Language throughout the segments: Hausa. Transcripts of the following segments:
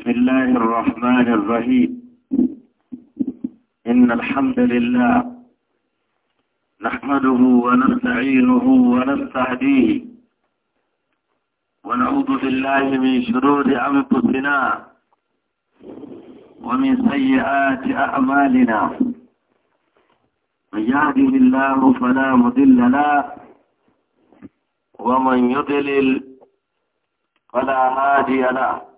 بسم الله الرحمن الرحيم إن الحمد لله نحمده ونستعينه ونستهديه ونعوذ بالله من شرور أنفسنا ومن سيئات أعمالنا من يهده الله فلا مضل له ومن يضلل فلا هادي له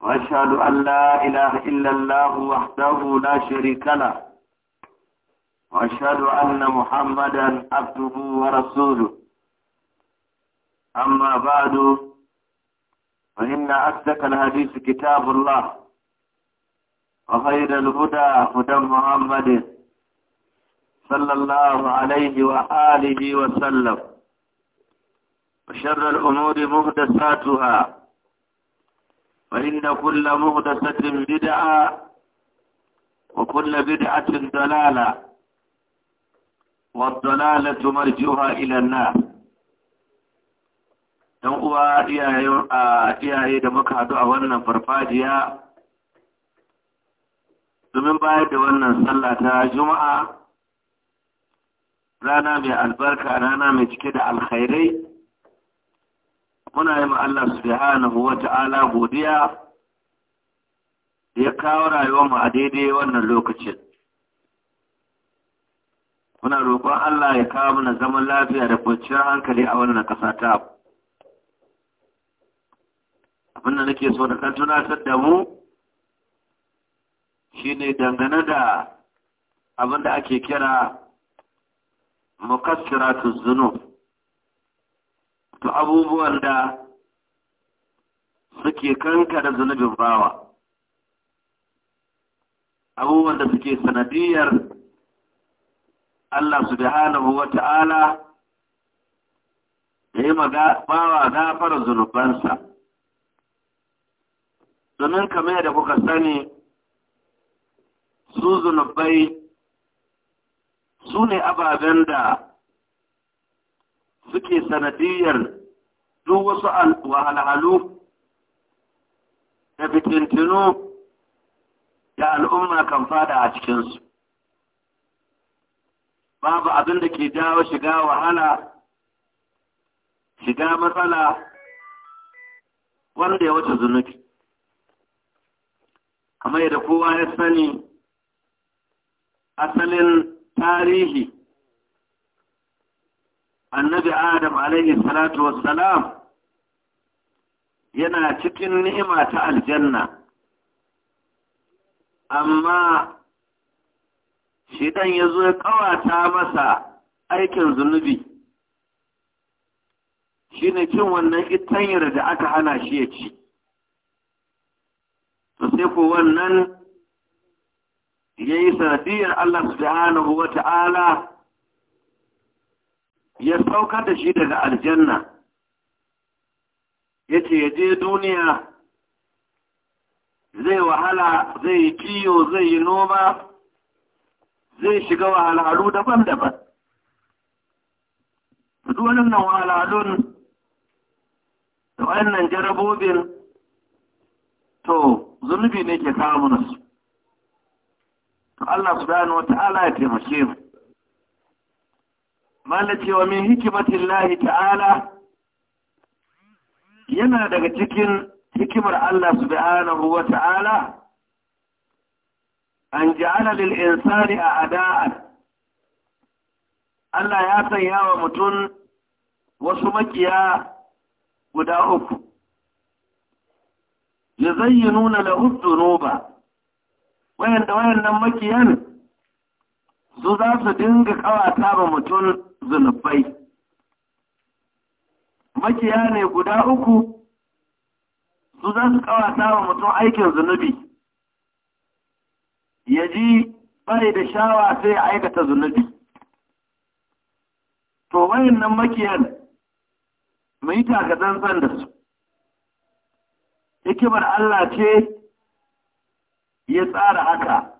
وأشهد أن لا إله إلا الله وحده لا شريك له وأشهد أن محمدا عبده ورسوله أما بعد فإن أصدق الحديث كتاب الله وخير الهدى هدى محمد صلى الله عليه وآله وسلم وشر الأمور مهدساتها فإن كل مهدسة بدعة وكل بدعة ضلالة والضلالة مرجوها إلى النار dan uwa iyaye da muka haɗu a wannan farfajiya domin bayar da wannan sallah ta juma'a rana mai albarka rana mai cike da alkhairai muna yi ma Allah subhanahu wa ta'ala godiya ya kawo rayuwar mu a daidai wannan lokacin. Muna roƙon Allah ya kawo mana zaman lafiya da kwanciyar hankali a wannan ƙasa ta abin da nake so da ɗan tunatar da mu shine dangane da abin da ake kira mukassiratuz zunub to abubuwan da suke kanka da zunubin bawa abubuwan da suke sanadiyar Allah subhanahu wa ta'ala da yi bawa gafara zunubansa domin kamar da kuka sani su zunubai su ne ababen da suke sanadiyar duk wasu wahalhalu da fitintinu da al'umma kan fada a cikinsu. Babu abin da ke jawo shiga wahala, shiga matsala, wanda ya wuce zunubi. Kamar yadda kowa ya sani asalin tarihi annabi adam alaihi salatu wassalam yana cikin ni'ima ta aljanna amma shidan ya zo ya kawata masa aikin zunubi shi ne cin wannan itanyar da aka hana shi ya ci to sai ko wannan ya yi sanadiyar Allah subhanahu wa ta'ala ya saukar da shi daga aljanna ya ce ya je duniya zai wahala zai yi kiyo zai yi noma zai shiga wahalhalu daban-daban duk wannan wahalhalun da wannan jarabobin to zunubi ne ke samun su to Allah subhanahu ya taimake mu mala cewa min hikimatin lahi ta'ala yana daga cikin hikimar Allah subhanahu wa ta'ala an ja'ala lil insani a ada'an Allah ya sanya wa mutum wasu makiya guda uku yuzayyinuna lahu dhunuba wayanda wayannan makiyan su za su dinga kawata ba mutum zunubai makiya ne guda uku su za su kawata wa mutum aikin zunubi ya ji bai da shawa sai ya aikata zunubi to wayannan makiyan mu yi takatsantsan da su hikimar Allah ce ya tsara haka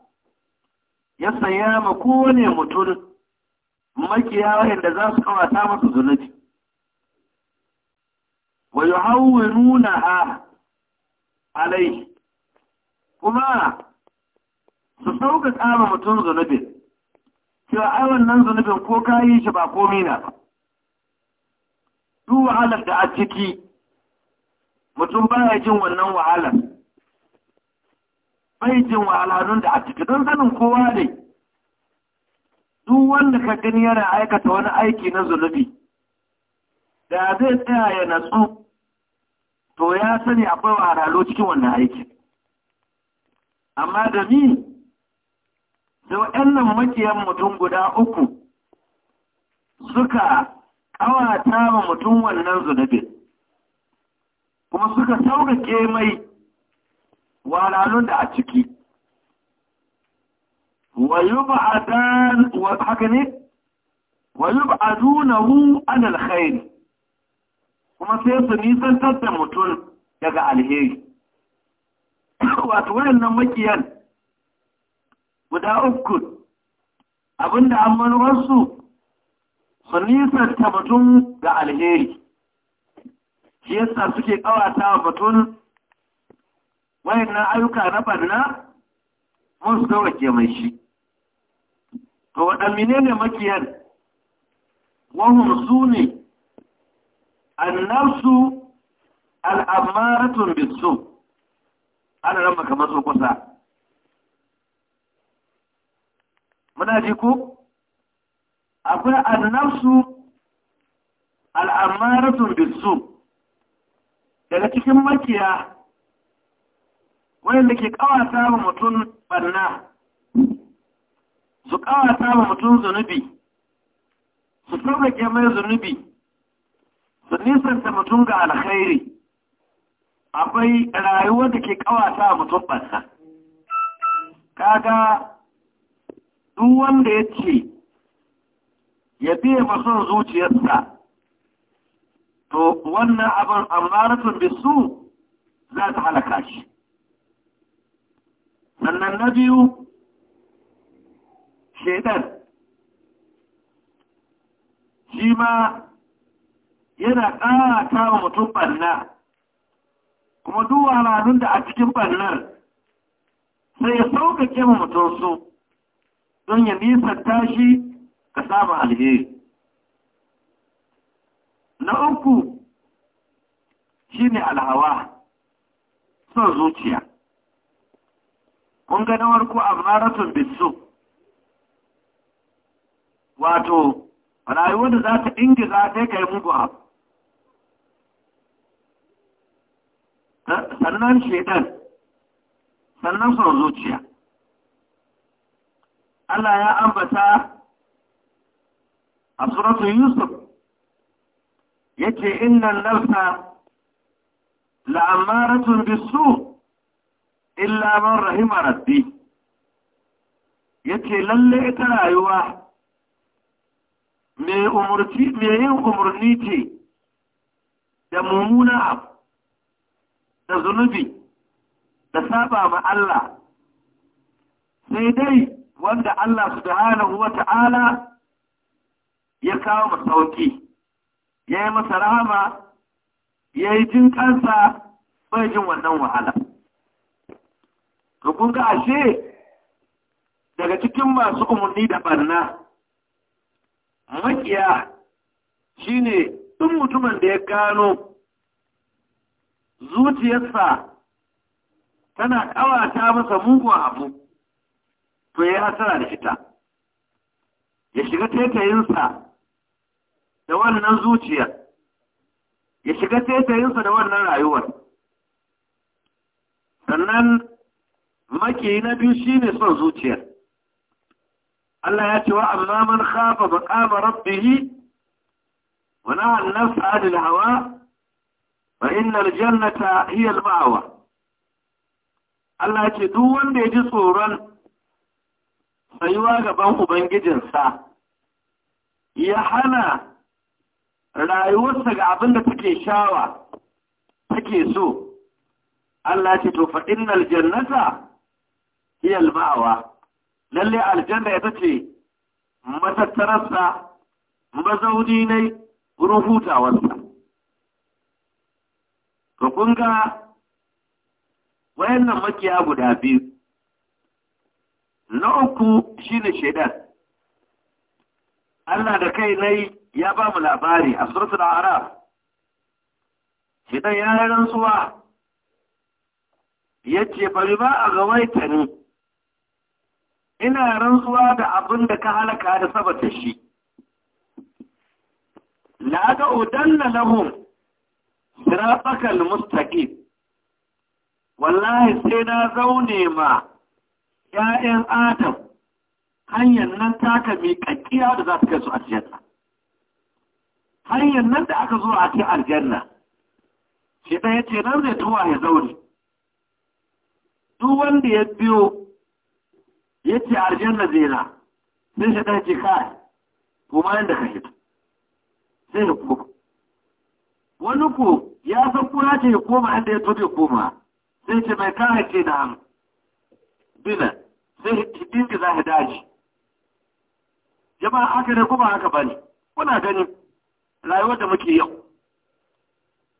ya saya ma kowane mutum makiya wanda za su kawata masa zunubi wa ha, alai kuma su sauka tsara mutum zunubi cewa ai wannan zunubin ko ka yi shi ba komai na ba duk wahalar da a ciki mutum baya jin wannan wahalar bai jin da a cikin don sanin kowa ne duk wanda ka gani yana aikata wani aiki na zunubi da zai tsaya ya natsu to ya sani akwai wahalhalu cikin wannan aikin amma da ni da waɗannan makiyan mutum guda uku suka ƙawata ma mutum wannan zunubin kuma suka sauƙaƙe mai walalun da a ciki ويبعثان وحكني ويبعثونه عن wayu kuma sai su nisantar da mutum daga alheri wato wayannan makiyan guda uku abinda an manuwarsu su nisanta mutum ga alheri shi yasa suke kawata mutum na ayyuka na barna mun suka ke mai shi to waɗanne ne makiyar wahum su ne annarsu al'amaratun bisu ana ran maka maso kusa muna ji ku akwai annarsu al'amaratun bisu daga cikin makiya wanda ke kawata wa mutum barna su kawata wa mutum zunubi su sauƙaƙe mai zunubi su nisanta mutum ga alkhairi akwai rayuwar da ke kawata wa mutum barna kaga duk wanda ya ce ya biya masu zuciyarsa to wannan abin amaratun bisu za ta halaka shi sannan na biyu shaidan shi ma yana ƙarata wa mutum ɓanna kuma duk wahalhalun da a cikin ɓarnar sai ya sauƙaƙe wa mutum su don ya nisanta shi ka samu alheri na uku shine alhawa son zuciya kun ga ku a maratun bisu wato rayuwar da za ta ingiza ta kai mugu abu sannan shaidan sannan son zuciya Allah ya ambata a suratun Yusuf yake innal nafsa la'amaratun bisu illa man rahima rabbi yace lalle ita rayuwa me umurci mai yin umurni ce da mumuna da zunubi da saba ma Allah sai dai wanda Allah subhanahu wa ta'ala ya kawo masauki ya yi masa rahama ya yi jin kansa bai jin wannan wahala to kun ashe daga cikin masu umarni da barna makiya ne ɗin mutumin da ya gano zuciyarsa tana ƙawata masa mugun abu to ya hasara da fita. ya shiga taitayinsa da wannan zuciyar ya shiga taitayinsa da wannan rayuwar sannan makiyi na biyu shine son zuciya Allah ya ce wa amma man khafa maqama rabbih wa naha an-nafs hawa fa innal jannata hiya al Allah ya ce duk wanda ya ji tsoron tsayuwa gaban ubangijinsa ya hana rayuwarsa ga abin da take shawa take so Allah ce to fa innal jannata Iyal ma'awa lalle aljanna ita ce matattararsa mazauni ne wurin hutawarsa to kun ga wayannan makiya guda biyu na uku ne shaidan Allah da kai yi ya ba mu labari a suratul araf shaidan ya rantsuwa yace bari ba a gawaita ni ina rantsuwa da abin da ka halaka da sabata shi la ga udanna lahum sirafakal mustaqim wallahi sai na zaune ma ‘ya'yan Adam hanyar nan taka mai kakkiya da za ta kai su aljanna. Hanyar nan da aka zo a cikin aljanna, shi ɗaya ce nan zai tuwa ya zaune. Duk wanda ya biyo yace na zina sai shi dace kai kuma yanda ka hito sai ya koma wani ko ya san kura ce ya koma inda ya tobe koma sai ce mai kara ce da hannu bila sai hidin da za ka daji jama'a aka ne kuma haka bane kuna ganin rayuwar da muke yau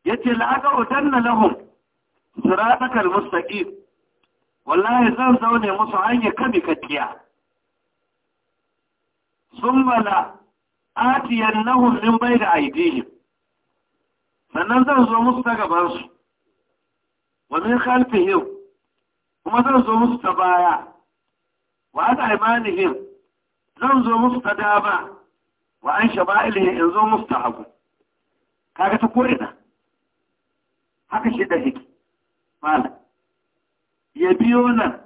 yace la aka udanna lahum siratakal mustaqim wallahi zan zaune musu hanyar kabi kakkiya sun mala atiyar nahun min bai da aidihim sannan zan zo musu ta gabansu wa min khalfihim kuma zan zo musu ta baya wa ta imanihim zan zo musu ta dama wa an shaba'ilihim in zo musu ta hagu kaga ta ko'ina haka shi da hiki malam ya biyo nan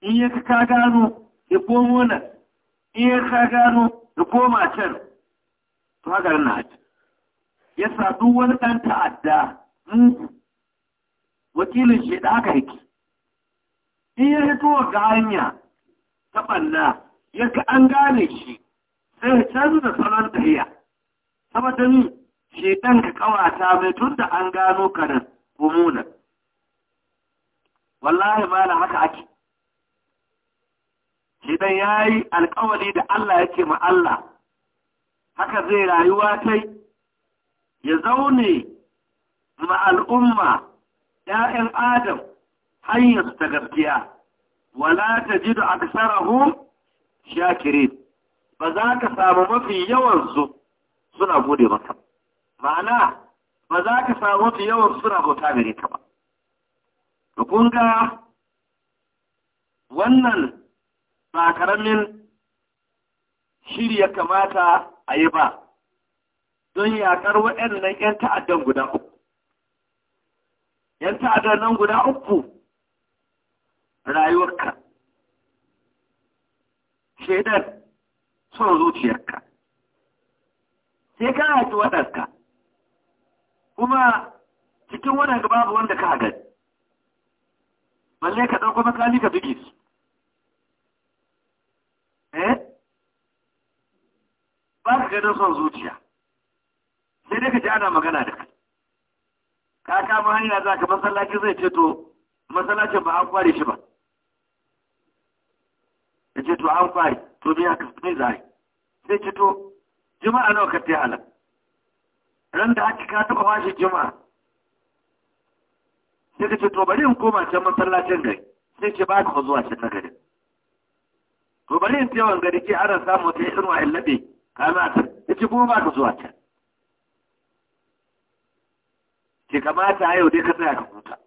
in ya ka gano ya komo nan in ya ka gano ya koma can to haka na ya sadu wani ɗan ta'adda mugu wakilin shi da aka yake in ya hito ga hanya ta ɓanna ya ka an gane shi sai ya canza salon tahiya saboda ni shi ɗan ka kawata mai tun da an gano ka komo mummunan wallahi na haka ake idan ya yi alkawali da Allah yake ma Allah haka zai rayuwa ta ya zaune ma al'umma ‘ya'yan Adam hanyarsu ta gaskiya, wala ta ji da aksarahun shakirin, ba za ka samu mafi yawansu suna gode masa. ma'ana ba za ka samu mafi yawansu suna bauta gare ka kun ga wannan ba karamin shirya kamata a yi ba don yakar waɗannan 'yan ta'addan guda uku. 'yan ta'addan nan guda uku rayuwarka, shaidar son zuciyarka, sai ka haifi waɗanka, kuma cikin waɗanka babu wanda ka gani. balle ka ɗauko makali ka duke su eh ba ka ganin son zuciya sai dai ka ji ana magana da kai ka kama hanya za ka masallaci zai ce to masallacin ba an kware shi ba ya ce to an kware to biya ka mai zai sai ce to juma'a nawa ka ta halar ran da aka ka taɓa washe juma'a sai ka ce to bari in koma can masallacin gari sai ce ba ka zuwa shi na gari to bari in gari ke ana samu ta yi wa'in laɓe ka za ta ya ce kuma ba ka zuwa can ke kamata a yau dai ka tsaya ka huta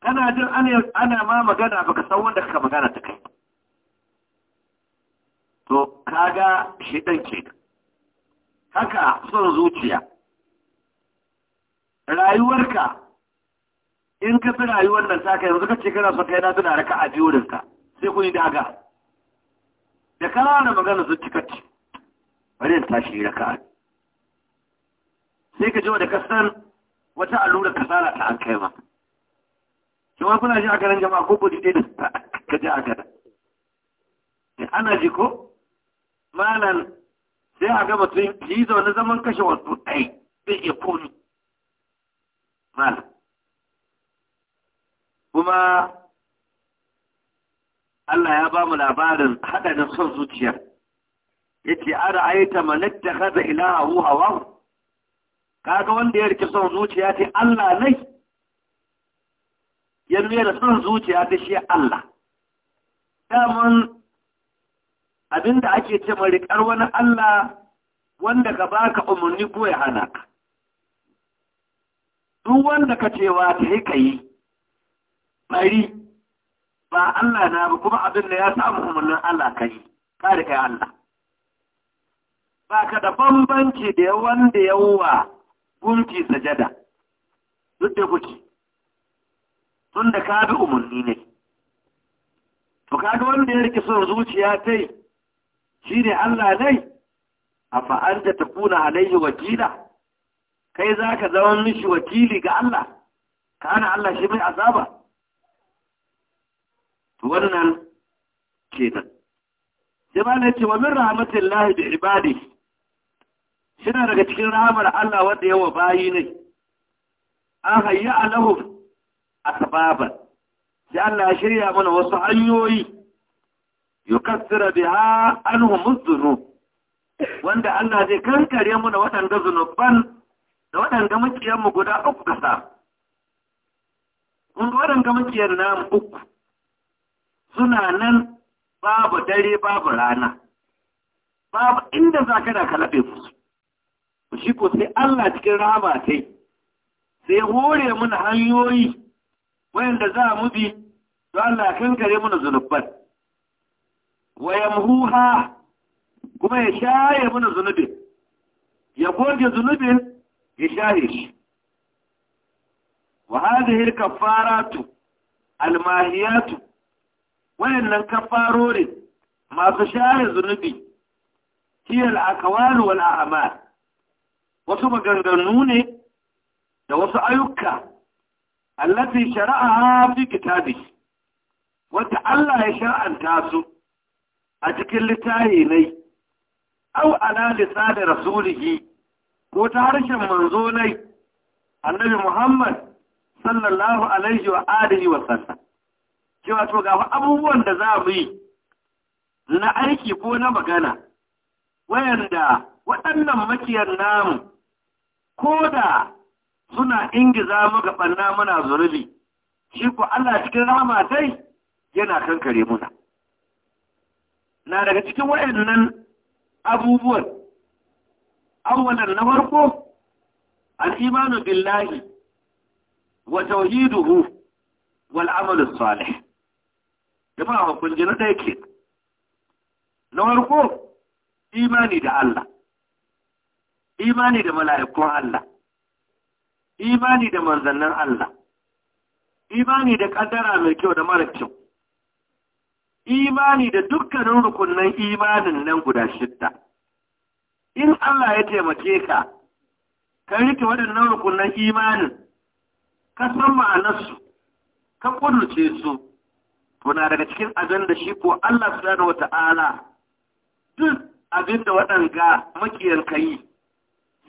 kana jin ana ma magana baka san wanda kaka magana ta kai to kaga shi ɗan ke haka son zuciya rayuwarka in ka fi rayuwar nan ta ka yanzu ka ce kana son kai na tuna raka a biyorinka sai kun yi daga da kana da magana sun cika ci bari in tashi raka sai ka ji wa da san wata allura kasala ta an kai ma ma kuna ji a garin jama'a ko kudi ɗin ka ji a garin ana ji ko malam sai a ga mutum yi zaune zaman kashe wasu ɗai zai iya komi mal kuma Allah ya ba mu labarin haɗarin son zuciya yace ara aita manatta kaza ilahu hawa kaga wanda ya rike son zuciya ta Allah ne ya da son zuciya ta shi Allah daman abinda ake ce marikar wani Allah wanda ka baka umarni ko ya hana duk wanda ka cewa ta yi ka yi bari ba Allah na ba kuma abin da ya samu umarnin Allah ka yi ka da kai Allah ba ka da bambanci da wanda wuwa gunki sajada duk da kuke tun da ka bi umarni ne to kaga wanda ya rike son zuciya ta yi shi ne Allah ne a da ta kuna halayya wakila kai za ka zama mishi wakili ga Allah ka ana Allah shi mai azaba wannan ke nan. ba ce wamin rahamatin lahi da ibadi shina daga cikin rahmar Allah wanda yawa bayi ne an hayya a sababa, shi Allah ya shirya mana wasu hanyoyi yukassira ha anhum dhunub wanda Allah zai kankare mana waɗanda zunuban da waɗanda mu guda uku ƙasa, kun ga waɗanda makiyar namu uku suna nan babu dare babu rana babu inda za ka da kalaɓe su shi ko sai Allah cikin rama sai sai hore muna hanyoyi wayanda za mu bi don Allah kan gare zunubbar, zunuban wa huha kuma ya shaye mana zunubin ya goge zunubin ya share shi wa hadhihi al-kaffaratu al-mahiyatu wayannan kafarorin masu share zunubi hiya al-aqwal wal a'mal wasu maganganu ne da wasu ayyuka allati shara'a fi kitabihi wata Allah ya sha'anta su a cikin littahi ne, au ala lisani rasulihi ko ta harshen manzo nai annabi Muhammad sallallahu alaihi wa alihi wa sallam cewa to ga abubuwan da za mu yi na aiki ko na magana wayanda waɗannan makiyar namu ko da suna ingiza mu ga banna muna zurubi shi ko Allah cikin rahama dai yana kankare muna na daga cikin wayannan abubuwan awwalan na farko al-imanu billahi wa tawhiduhu wal amalu salih jama'a kun ji na ɗaya ke na farko imani da Allah imani da mala'ikun Allah imani da manzannin Allah imani da kaddara mai kyau da mara kyau imani da dukkanin rukunan imanin nan guda shidda in Allah ya taimake ka ka rike waɗannan rukunan imanin ka san ma'anarsu ka ƙudurce su tuna daga cikin abin da shi ko Allah wa Ta'ala. duk abin da waɗanga makiyan ka yi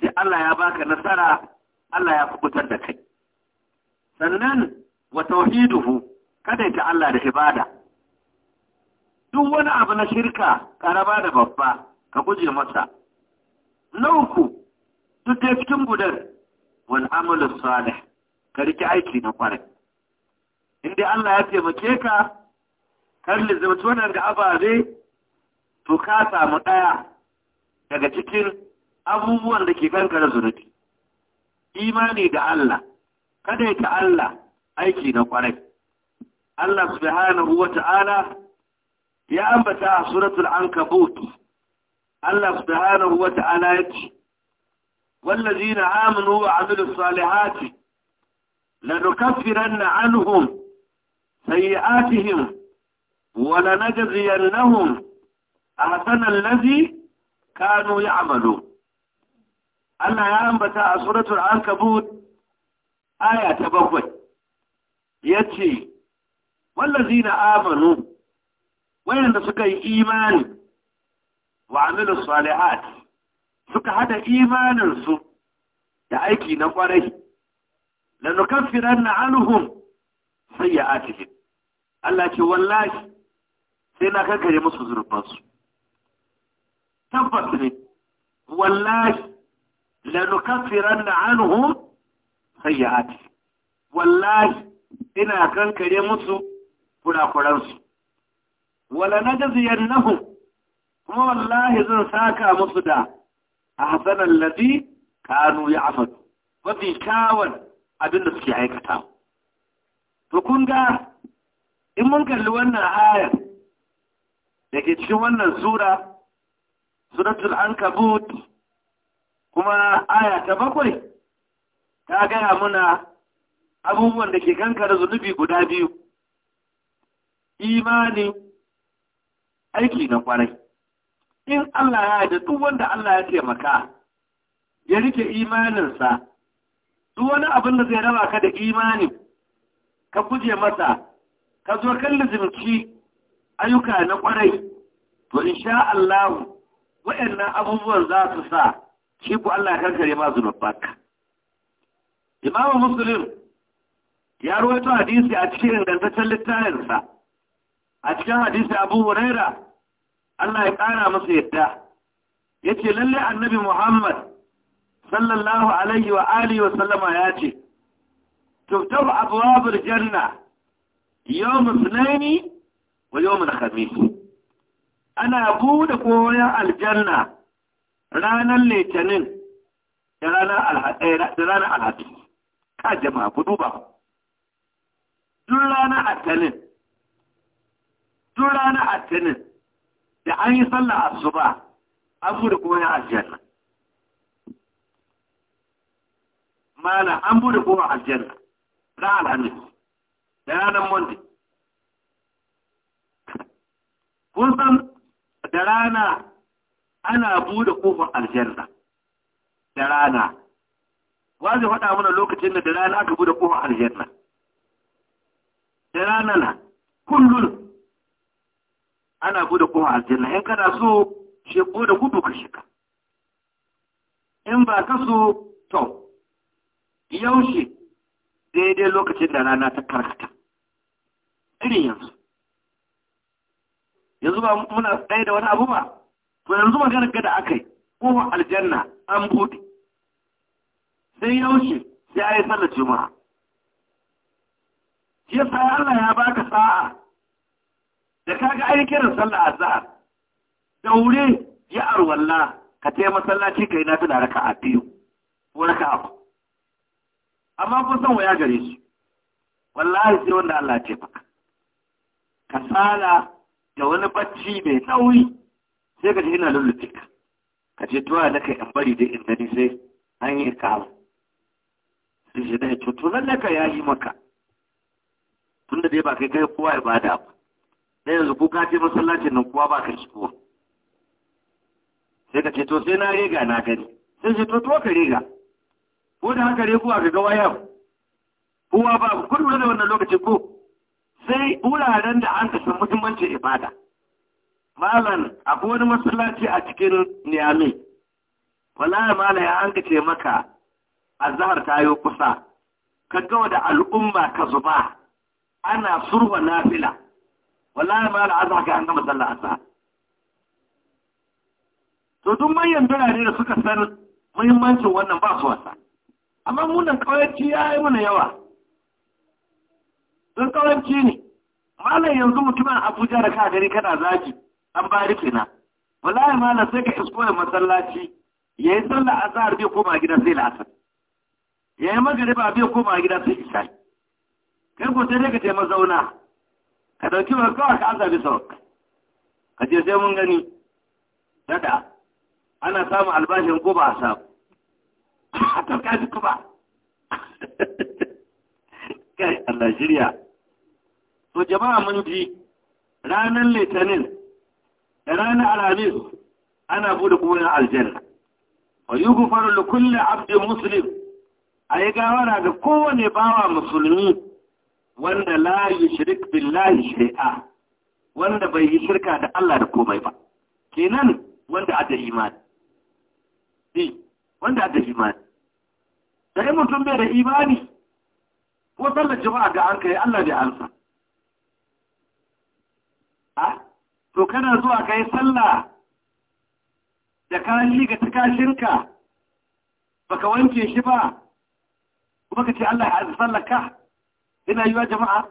sai Allah ya baka nasara Allah ya fukutar da kai sannan wa tauhiduhu kada ta Allah da ibada duk wani abu na shirka karaba da babba ka guje masa lauku uku duk da cikin gudan wani amalin salih ka rike aiki na kwarai inda Allah ya taimake ka kar lizabta wannan ga ababe to ka samu ɗaya daga cikin abubuwan da ke kankara zunubi imani da Allah kada ya ta Allah aiki na kwarai Allah subhanahu wa ta'ala ya ambata a suratul ankabut Allah subhanahu wa ta'ala ya ce wallazina Aminu wa amilus salihati lanukaffiranna anhum sayyi'atihim wa a ahsana allazi kanu ya'malun Allah ya ambata a suratul ankabut aya ta bakwai yace wallazina amanu wayanda suka yi imani wa amilu salihat suka hada imaninsu da aiki na kwarai lanukaffiran na ya sayyi'atihim Allah ce wallahi sai na kankare musu zurfansu tabbas ne wallahi lanukaffiran na ya sayyi'atihim wallahi ina kankare musu kurakuransu wala najziyannahum kuma wallahi zan saka musu da ahsanal lazi kanu ya'malu mafi kyawun abinda suke aikata to kun ga in mun kalli wannan ayar da ke cikin wannan sura suratul ankabut kuma aya ta bakwai ta gaya muna abubuwan da ke kankara zunubi guda biyu imani aiki na kwarai in Allah ya da duk wanda Allah ya taimaka ya rike imaninsa duk wani abin da zai raba ka da imani ka guje masa ka zo kan lizimci ayyuka na kwarai to in sha Allah waɗannan abubuwan za su sa shi ku Allah kankare ma baka. Imam Muslim ya rawaito hadisi a cikin ingantaccen littafinsa a cikin hadisi Abu Huraira Allah ya ƙara masa yadda ya ce lalle annabi Muhammad sallallahu alaihi wa alihi wa sallama ya ce tuftahu abwabul janna yawm ithnaini wa yawm khamis ana buɗe koyon aljanna ranar litinin eh, da ranar alhamis ka jama'a ku duba duk ranar alhamis duk ranar alhamis da an yi sallah asuba an bude kowa aljanna mana an bude kowa aljanna na alhamis da ranar monday kun san da rana ana bude kofar aljanna da rana wazi faɗa mana lokacin da da rana aka bude kofar aljanna da rana na kullum ana bude kuma aljanna in kana so shi bude gudu ka shiga in ba ka so to yaushe daidai lokacin da rana ta karkata irin yanzu yanzu ba muna tsaye da wani abu ba to yanzu magana gada aka yi kuma aljanna an bude sai yaushe sai a yi sallar juma'a yasa Allah ya baka sa'a da kaga ai kiran sallah azhar wuri ya arwalla ka tayi masallaci kai na tana raka'a biyu ko raka'a amma ko san waya gare shi wallahi sai wanda Allah ya ce maka kasala da wani bacci mai tsauri sai ka ji ina lullube ka ka ce tuwa da kai in bari da in gani sai an yi kama sai shi da ya ce to nan ka ya yi maka tunda dai ba kai kai kowa ibada ba na yanzu ko ka je masallacin nan kuwa ba ka shigo sai ka ce to sai na riga na gani sai ce to to ka riga ko da haka riguwa ga gawa yau kowa ba ku kudu da wannan lokacin ko sai wuraren da an kashe muhimmancin ibada malam akwai wani masallaci a cikin niyami wallahi malam ya an kace maka azhar ta yi kusa ka ga da al'umma ka zuba ana surwa nafila wallahi ma da azaka an gama sallah asa to duk manyan birane da suka san muhimmancin wannan ba su wasa amma munan kawayanci ya yi mana yawa don kawayanci ne malam yanzu mutumin abuja da ka gari kana zaki an bari kenan wallahi malam sai ka isko da masallaci ya sallah azhar bai koma gida sai la'asar ya yi magariba bai koma gida sai isha kai ko sai dai ka je mazauna. ka dauki mai kawai ka azabi sau ka ce sai mun gani Dada, ana samu albashin ko ba a samu a tauka shi kuma kai Allah shirya to jama'a mun ji ranar litinin da ranar alhamis ana bude kuburin aljanna wa yi gufarar da kulle abdin musulun a yi gawara ga kowane bawa musulmi wanda la yushrik billahi shay'a wanda bai yi shirka da Allah da komai ba kenan wanda ada imani Bi, wanda ada imani sai mutum bai da imani ko sallar jama'a ga an kai Allah da alfa a to kana zuwa kai sallah da kashi ga ba baka wanke shi ba kuma ka ce Allah ya azza sallaka yi yiwa jama'a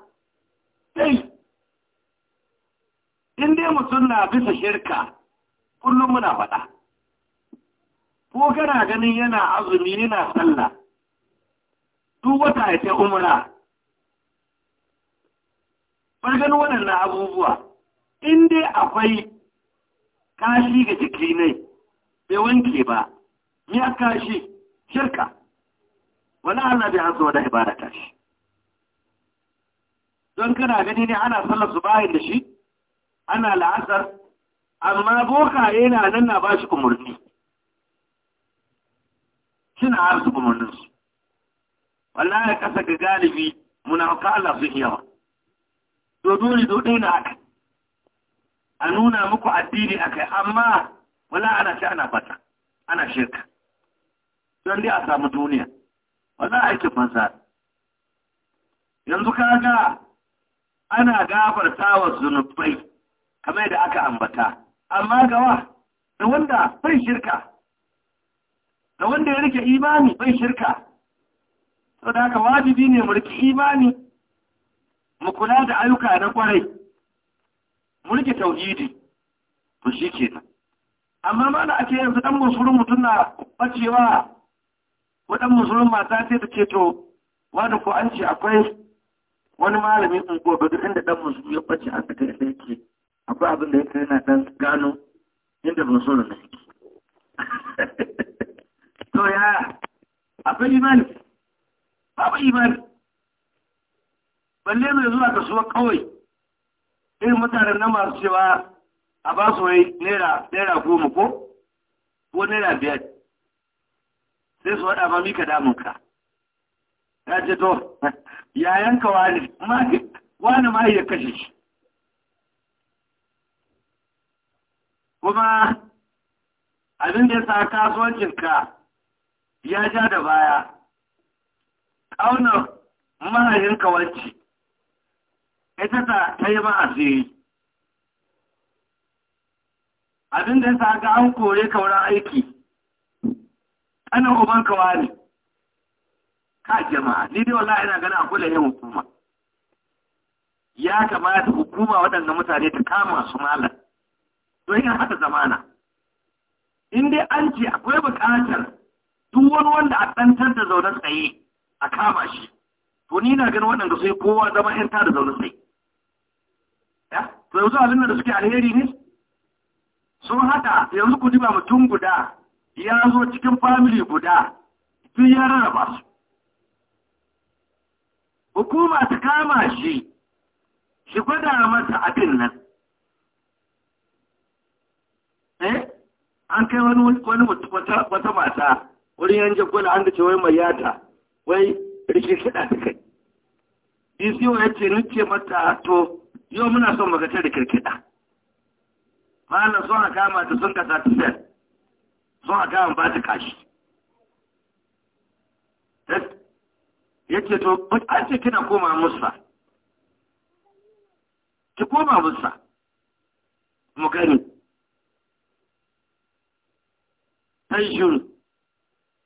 Sai. in dai mutum na bisa shirka kullum muna faɗa ko gana ganin yana azumi yana sallah duk wata ya ta umra fargan waɗannan abubuwa in dai akwai kashi ga jiki bai wanke ba ya kashi shirka wani Allah bai hanzo da ibada kashi. don kana gani ne ana sallar su bayan da shi ana la'asar amma boka yana nan na ba shi umarni suna har su umarninsu wallahi kasa ga galibi munafuka Allah su yawa to dole zo ɗaya na haka a nuna muku addini a kai amma wala ana ce ana fata ana shirka don dai a samu duniya wala ake banza yanzu kaga ana gafarta wa zunubai kamar da aka ambata amma gawa da wanda bai shirka da wanda ya rike imani bai shirka sau da haka wajibi ne mu rike imani mu kula da ayyuka na kwarai mu rike tauhidi to shi nan amma ma da ake yanzu dan musulun mutum na bacewa ko musulun mata sai ta ce to wani ko an ce akwai wani malami unguwa bai duk inda dan musu ya bace an fita inda yake akwai abin da yake yana dan gano inda ba so da na yake to ya akwai imani babu imani balle mai zuwa kasuwa kawai irin mutanen na masu cewa a ba su wai naira goma ko ko naira biyar sai su waɗa ma mika damunka ta ce to yayanka wani wani ma ya kashe shi kuma abin da ya sa kasuwancinka ya ja da baya auna mahajinka wacce ita ta ta yi ma'asiri abin da ya sa ka an kore ka wurin aiki ana ubanka wani ka jama'a ni dai wallahi ina ganin akwai lahin hukuma ya kamata hukuma waɗannan mutane ta kama su malam don yin haka zamana in dai an ce akwai buƙatar duk wani wanda a ɗantar da zaune tsaye a kama shi to ni na ganin waɗanda sai kowa zama yan da zaune tsaye ya to yanzu abin da suke alheri ne sun haɗa yanzu ku ba mutum guda ya zo cikin famili guda duk ya rarraba su hukuma ta kama shi shi gwada mata abin nan eh an kai wani wani wata mata wurin yan jagwala an da ce wai mai yata wai rikin shida ta kai DCO ya ce nuke mata to yau muna son magata da kirkida malam a kama da sun kasa ta sel a kama ba ta kashi eh, yake to an ce kina koma musa ki koma musa mu gani sai shiru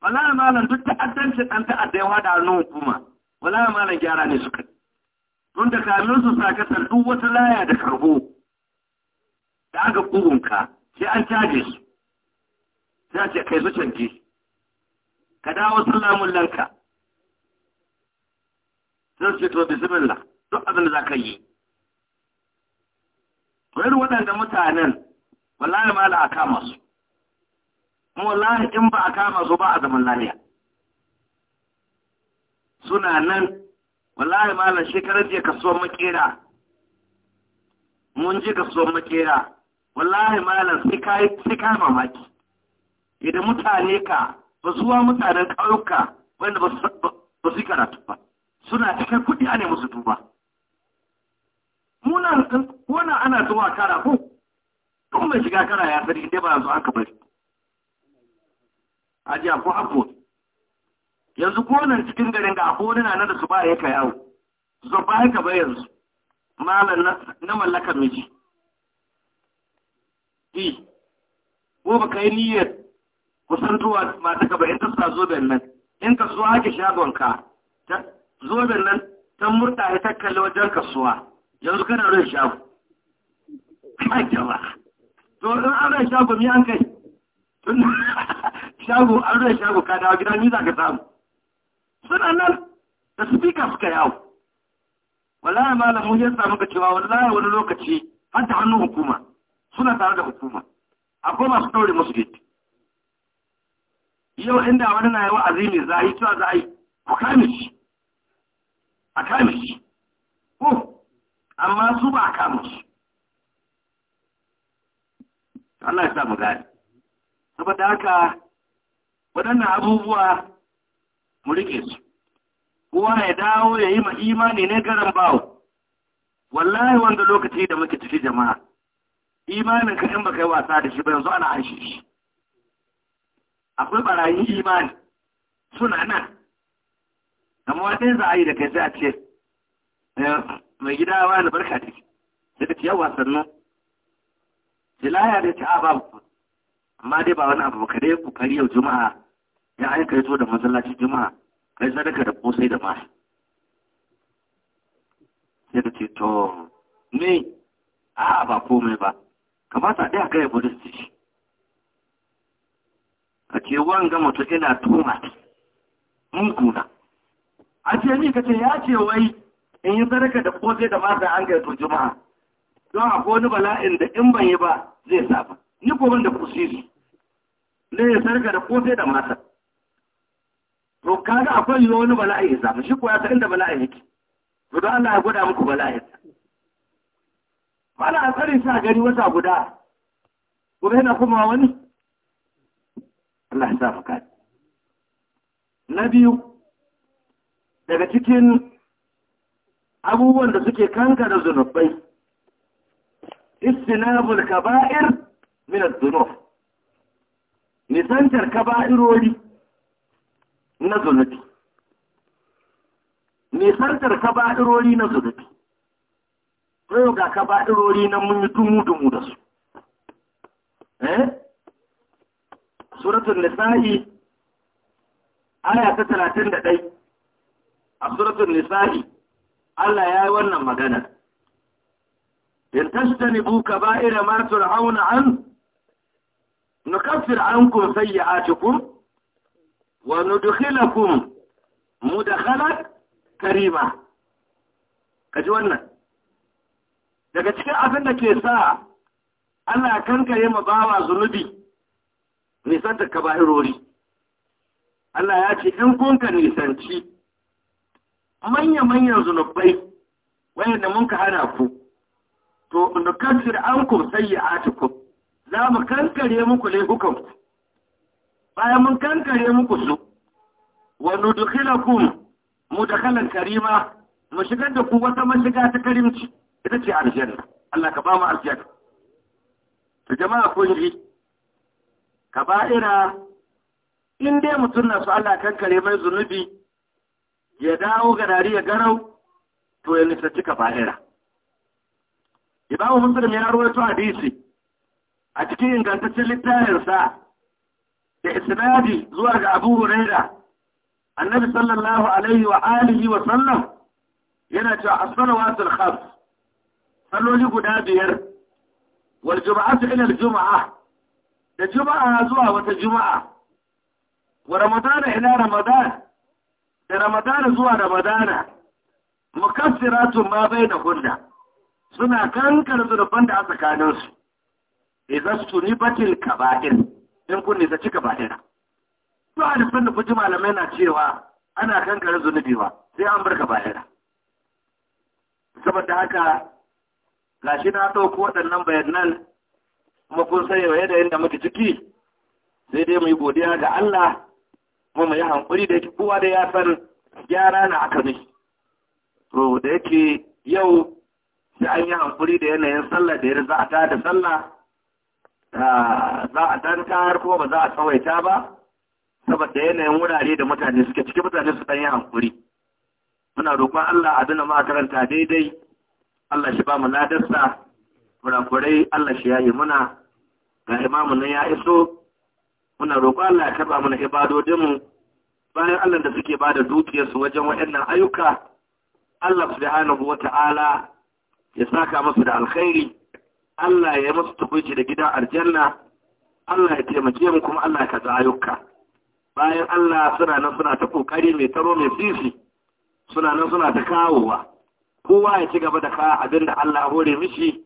ma malam duk ta'addanci dan ta addai wada kuma wala ma malam gyara ne suka tun da kamin su sakatar duk wata laya da karbo da aka kurunka sai an caje su sai ce kai su ka dawo sallamun lanka sai ce to bismillah duk abin da za ka yi wani waɗanda mutanen wallahi ma da a kama su wallahi in ba a kama su ba a zaman lafiya suna nan wallahi ma da shekarar je kasuwar makera mun je kasuwar makera wallahi malam sai ka sai ka mamaki idan mutane ka ba zuwa mutanen ƙauyuka wanda ba su karatu ba suna cikin kuɗi ne musu duba muna kona ana zuwa kara ko tun mai shiga kara ya sani inda ba zuwa aka bari ajiya ko hapon yanzu konan cikin garin da akwai na nan da su ba ya ka yawo su ba ya ka bai yanzu malar na mallakar miji i ko ba ka yi niyyar kusantowa masu gaba in ta sa zoben nan in ka ake shagon shagonka zoben nan ta murta ya ta kalli wajen kasuwa yanzu kana rai shago kakewa to in an rai shago mi an kai tun shago an rai shago ka dawo gida ni za ka samu sunan nan da spika suka yawo wallahi malamu ya samu ka cewa wallahi wani lokaci har da hannun hukuma suna tare da hukuma akwai masu daure musu gate yau inda wani na yi wa'azi mai zahi cewa za a yi ku kame shi a kame shi amma su ba a kama shi Allah ya sa mu gani saboda haka waɗannan abubuwa mu rike su kowa ya dawo ya yi ma imani ne garan bawo wallahi wanda lokaci da muke tafi jama'a imanin ka in baka yi wasa da shi ba yanzu ana harshe shi akwai barayin imani suna nan amma wani za a yi da kai sai a ce eh, mai gida wa da barka take sai ka ce yawa sannu sai laya da ta a ah, babu amma dai ba wani abu ba, ka dai kokari yau juma'a ya aika kai zo da masallaci juma'a kai sadaka da kosai da masu sai ka ce to me a ba komai ba kamata ɗaya ga ya buddhist shi ka ce wanga mutu ina tomat in kuna a ce ni ka ce ya ce wai in yi sadaka da kose da masa an gaito juma'a don akwai wani bala'in da in ban yi ba zai saba ni ko ban da kusiri ne ya sadaka da kose da mata to kaga akwai yi wani bala'i ya samu shi ko ya san da bala'i yake to don Allah ya gwada muku bala'in mana a tsarin sa gari wata guda ko yana kuma wani Allah ya sa mu kai na biyu daga cikin abubuwan da suke da zunubai istinabul kaba'ir min adh-dhunub nisantar kaba'irori na zunubi nisantar kaba'irori na zunubi ko ga kaba'irori na mun yi dumu-dumu da su eh suratul nisa'i aya ta 31 a suratun nisa'i Allah ya yi wannan magana in ba kaba'ira ma hauna an an nukaffir ankum ku wa da mudkhalan karima kaji wannan daga cikin abin da ke sa Allah kanka ya ma bawa zunubi nisan ta kaba'irori Allah ya ce in kun ka nisanci manya-manyan zunubai wayanda mun ka hana ku to nukaffir ankum sayyi'atukum za mu kankare muku laifukan ku bayan mun kankare muku su wa nudkhilakum mudkhalan karima mu shigar da ku wata mashiga ta karimci ita ce aljanna Allah ka ba mu aljanna to jama'a kun ji kaba'ira in dai mutum na su Allah kankare mai zunubi ya dawo ga ya garau to ya nisanci kaba'ira imamu Musulun ya rawaito hadisi a cikin ingantaccen littafinsa da isnadi zuwa ga abu huraira annabi sallallahu alaihi wa alihi wa sallam yana cewa as-salawatul khams salloli guda biyar wal juma'atu ila al-jum'ah da juma'a zuwa wata juma'a wa ramadan ila ramadan da ramadana zuwa ramadana mukassiratun ma bai da hunna suna kankar zurfan da a tsakaninsu idan su ni batil kaba'ir in kun nisa ci kaba'ira to a nufin da fuji malamai na cewa ana kankare zunubi ba sai an bar bayana saboda haka gashi na ɗauko waɗannan bayanan mu kun sanya yadda yadda muke ciki sai dai mu yi godiya ga Allah mu mai hankuri da yake kowa da ya san gyara na aka mishi to da yake yau sai an yi hankuri da yanayin sallah da za a ta da sallah za a tantar kuma ba za a tsawaita ba saboda yanayin wurare da mutane suke ciki mutane su ɗan yi hankuri muna roƙon Allah a duna makaranta daidai Allah shi ba mu ladarsa kurakurai Allah shi yayi muna ga imamu nan ya iso muna roƙo Allah ya taba mana ibadodinmu bayan Allah da suke bada dukiyarsu wajen waɗannan ayyuka Allah subhanahu wata'ala ya saka musu da alkhairi Allah ya yi musu tukunci da gidan aljanna Allah ya taimake mu kuma Allah ya kaza ayyuka bayan Allah suna nan suna ta kokari mai taro mai sisi suna nan suna ta kawowa kowa ya ci gaba da ka abinda Allah ya hore mishi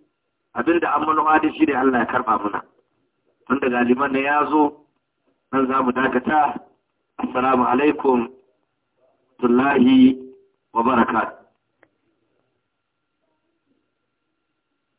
abinda an manuwa da shi da Allah ya karba muna tun da galiban ya zo nan za mu dakata assalamu alaikum tullahi wa barakatuh